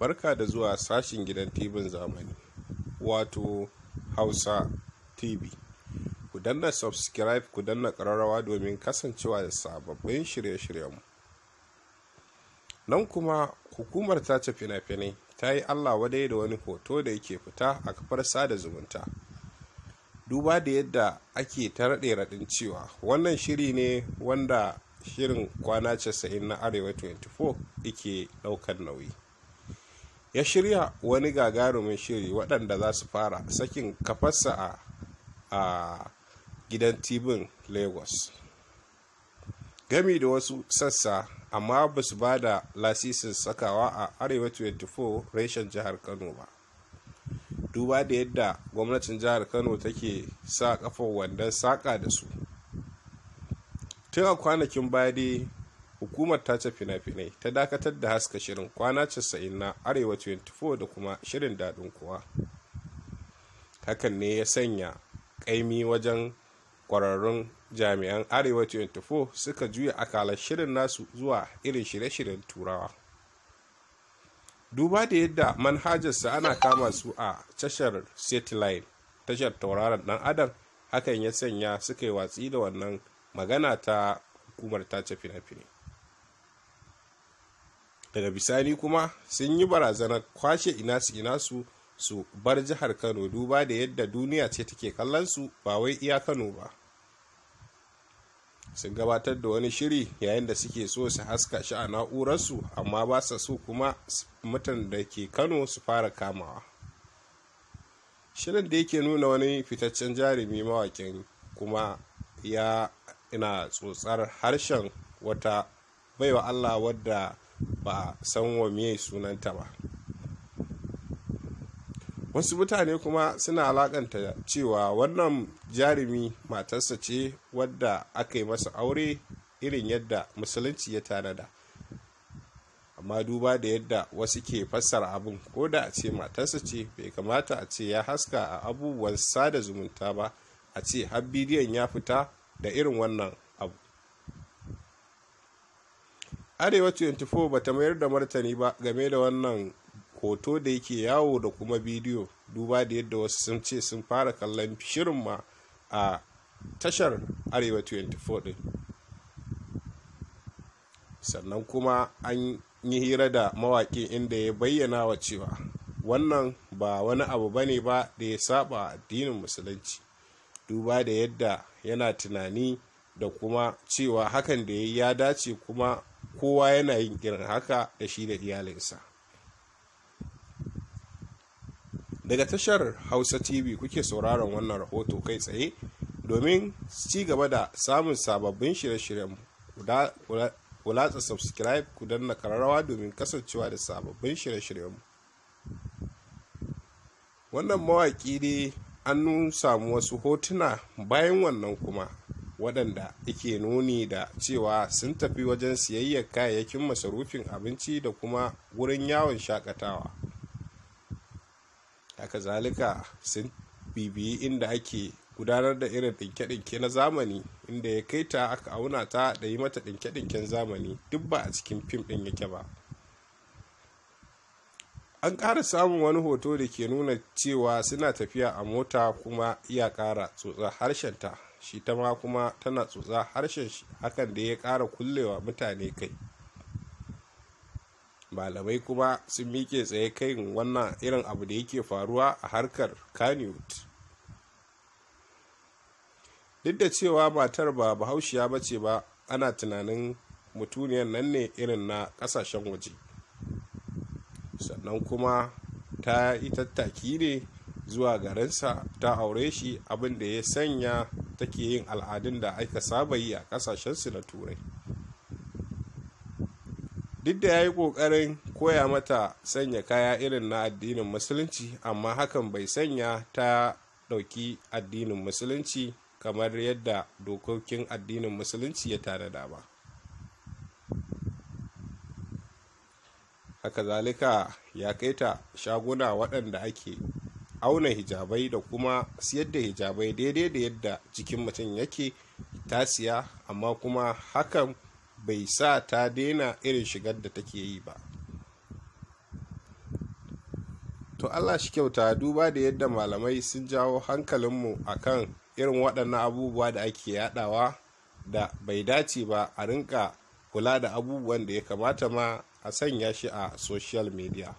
barka da zuwa sashin gidan TV zamani wato hausa tv ku danna subscribe ku danna ƙararrawa domin kasancewa da sababbin shirye-shiryenmu nan kuma hukumar ta ce fina-finai ta yi allah wadai da wani hoto da yake fita a kafar sada zumunta duba da yadda ake ta raɗe raɗin cewa wannan shiri ne wanda shirin kwana 90 na arewa 24 yake ɗaukar nauyi ya shirya wani gagarumin shiri waɗanda za su fara sakin kafarsa a gidan tibin lagos gami da wasu sassa amma ba su ba da lasisin sakawa a arewa 24 reshen jihar kano ba duba da yadda gwamnatin jihar kano take sa kafa wandon saka da su tun a kwanakin bade. hukumar ta ce fina-finai ta dakatar da haska shirin kwana 90 na arewa 24 da kuma shirin daɗin kuwa hakan ne ya sanya ƙaimi wajen ƙwararrun jami'an arewa 24 suka juya akalar shirin nasu zuwa irin shirye-shiryen turawa duba da yadda manhajarsa ana kama su a tashar satellite tashar tauraron dan adam hakan ya sanya suka yi watsi da wannan magana ta hukumar ce fina-finai daga bisani kuma sun yi barazanar kwashe inasu inasu su bar jihar kano duba da yadda duniya ce take kallon su ba wai iya kano ba sun gabatar da wani shiri yayin da suke so su haska shi a na'urarsu amma ba su so kuma mutan da ke kano su fara kamawa shirin da yake nuna wani fitaccen jarumi mawakin kuma ya ina tsotsar harshen wata baiwa allah wadda ba a san wa me sunanta ba wasu mutane kuma suna alakanta cewa wannan jarumi matarsa ce wadda aka yi masa aure irin yadda musulunci ya tanada amma duba da yadda wasu ke fassara abin ko da a ce matarsa ce bai kamata a ce ya haska a abubuwan sada zumunta ba a ce har bidiyon ya fita da irin wannan abu arewa 24 ba ta mayar da martani ba game da wannan hoto da yake yawo da kuma bidiyo duba da yadda wasu sun ce sun fara kallon shirin ma a tashar arewa 24 din sannan kuma an yi hira da mawaƙin inda ya bayyana wa cewa wannan ba wani abu bane ba da ya saba addinin musulunci duba da yadda yana tunani da kuma cewa hakan da ya dace kuma kowa yana yin irin haka da shi da iyalinsa daga tashar hausa tv kuke sauraron wannan rahoto kai tsaye domin ci gaba da samun sababbin shirye-shiryen ku latsa subscribe ku danna kararrawa domin kasancewa da sababbin shirye-shiryen wannan mawaƙi ne an samu wasu hotuna bayan wannan kuma waɗanda ike nuni da cewa sun tafi wajen siyayyar kayayyakin masarufin abinci da kuma wurin yawon shakatawa haka zalika sun bibiyi inda ake gudanar da irin ɗinke-ɗinke na zamani inda ya kai ta aka auna ta da yi mata ɗinke-ɗinken zamani duk ba a cikin fim ɗin yake ba an ƙara samun wani hoto da ke nuna cewa suna tafiya a mota kuma iya ƙara tsotsar harshenta shi ta ma kuma tana tsotsa harshen shi hakan da ya ƙara kullewa mutane kai malamai kuma sun miƙe tsaye kai wannan irin abu da yake faruwa a harkar kaniwood duk da cewa matar ba bahaushiya ba ce ba ana tunanin mutuniyar nan ne irin na ƙasashen waje sannan kuma ta yi tattaki ne zuwa garinsa ta aure shi abin da ya sanya take yin al'adun da aka saba yi a kasashensu na turai duk da ya yi ƙoƙarin koya mata sanya kaya irin na addinin musulunci amma hakan bai sanya ta ɗauki addinin musulunci kamar yadda dokokin addinin musulunci ya da ba haka zalika ya kai ta shaguna waɗanda ake auna hijabai da kuma siyar da hijabai daidai da yadda jikin mutum yake ta siya amma kuma hakan bai sa ta daina irin shigar da take yi ba to allah shi kyauta duba da yadda malamai sun jawo hankalinmu a kan irin waɗannan abubuwa da ake yadawa da bai dace ba a rinka kula da abubuwan da ya kamata ma a sanya shi a social media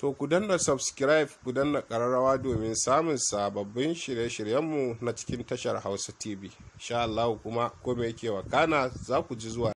To ku danna subscribe ku danna ƙararrawa domin samun sababbin shirye-shiryenmu na cikin tashar Hausa TV. sha Allah kuma kome yake wakana za ku ji zuwa